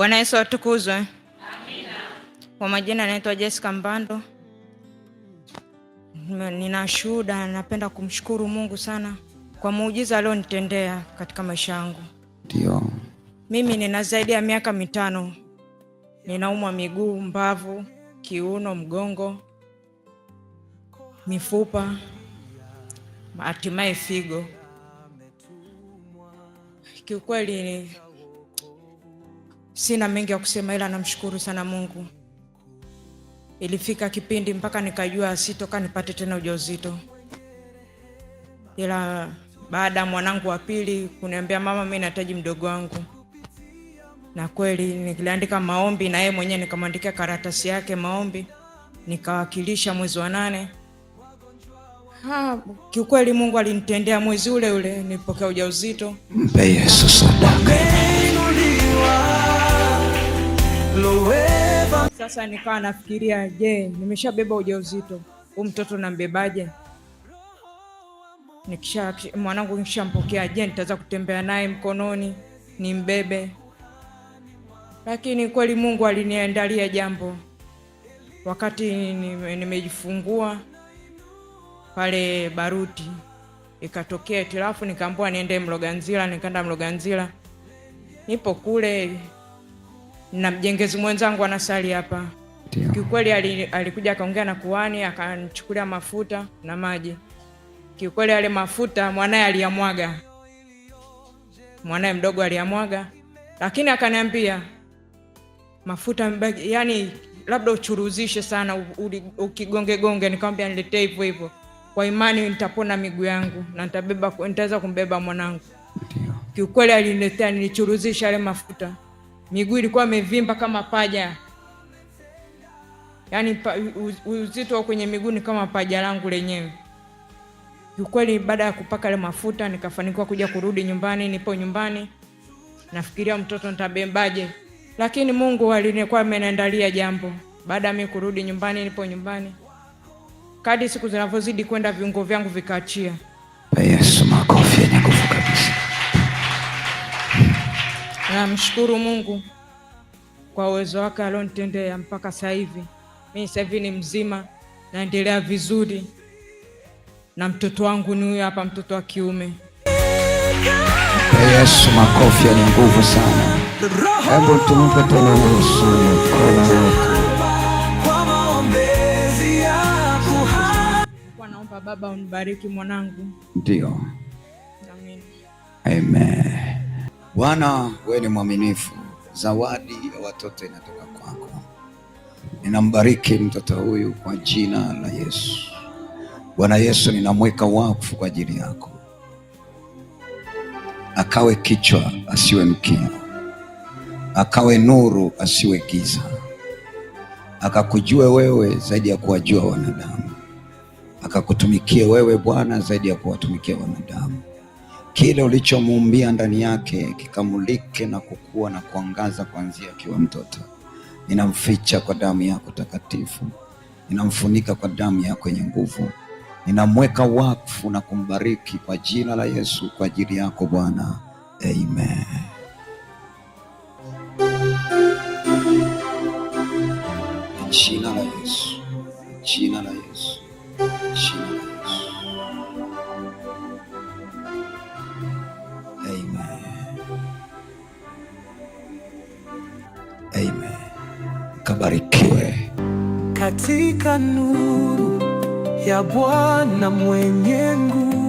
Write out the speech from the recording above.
Bwana Yesu atukuzwe. Amina. Kwa majina anaitwa Jessica Mbando, nina shuhuda. Napenda kumshukuru Mungu sana kwa muujiza alionitendea katika maisha yangu. Ndio mimi nina zaidi ya miaka mitano ninaumwa miguu, mbavu, kiuno, mgongo, mifupa, hatimaye figo. Kiukweli Sina mengi ya kusema, ila namshukuru sana Mungu. Ilifika kipindi mpaka nikajua sitoka nipate tena ujauzito, ila baada ya mwanangu wa pili kuniambia, mama, mimi nahitaji mdogo wangu, na kweli niliandika maombi na yeye mwenyewe nikamwandikia karatasi yake maombi, nikawakilisha mwezi wa nane. Ha, kiukweli Mungu alinitendea mwezi ule ule nilipokea ujauzito. Mpe Yesu sadaka. Sasa nikawa nafikiria, je, nimeshabeba ujauzito huu, mtoto nambebaje? Nikisha mwanangu nishampokea, je, nitaweza kutembea naye mkononi nimbebe? Lakini kweli Mungu aliniandalia jambo. Wakati nimejifungua pale Baruti ikatokea hitilafu, nikaambiwa niende Mloganzila. Nikaenda Mloganzila, nipo kule na mjengezi mwenzangu anasali hapa. Kiukweli alikuja akaongea na kuani akanchukulia mafuta na maji. Kiukweli ale mafuta mwanaye aliyamwaga, mwanaye mdogo aliyamwaga, lakini akaniambia mafuta yani labda uchuruzishe sana ukigongegonge. nikawambia niletee hivyo hivyo, kwa imani nitapona miguu yangu na nitaweza kumbeba mwanangu. Kiukweli aliniletea, nilichuruzisha ale mafuta miguu ilikuwa imevimba kama paja, yaani pa, uzito wa kwenye miguu ni kama paja langu lenyewe. Kiukweli, baada ya kupaka ile mafuta nikafanikiwa kuja kurudi nyumbani. Nipo nyumbani nafikiria mtoto nitabembaje, lakini Mungu alikuwa ameniandalia jambo. Baada ya mimi kurudi nyumbani, nipo nyumbani, kadi siku zinavyozidi kwenda viungo vyangu vikaachia. Yesu, makofi yenye nguvu. Namshukuru Mungu kwa uwezo wake alionitendea mpaka sasa hivi. Mimi sasa hivi ni mzima, naendelea vizuri na mtoto wangu ni huyo hapa, mtoto wa kiume. Yesu, makofi ni nguvu sana. Hebu tumpe tena usuli mkono wetu. Naomba Baba unibariki mwanangu. Ndio, amen. Bwana, wewe ni mwaminifu, zawadi ya watoto inatoka kwako. Ninambariki mtoto huyu kwa jina la Yesu. Bwana Yesu, ninamweka wakfu kwa ajili yako, akawe kichwa asiwe mkia, akawe nuru asiwe giza, akakujue wewe zaidi ya kuwajua wanadamu, akakutumikie wewe Bwana zaidi ya kuwatumikia wanadamu kile ulichomuumbia ndani yake kikamulike na kukua na kuangaza kuanzia akiwa mtoto. Ninamficha kwa damu yako takatifu, ninamfunika kwa damu yako yenye nguvu, ninamweka wakfu na kumbariki kwa jina la Yesu, kwa ajili yako Bwana, amen. Jina la Yesu, jina la Yesu, jina abarikiwe. Katika nuru ya Bwana mwenye nguvu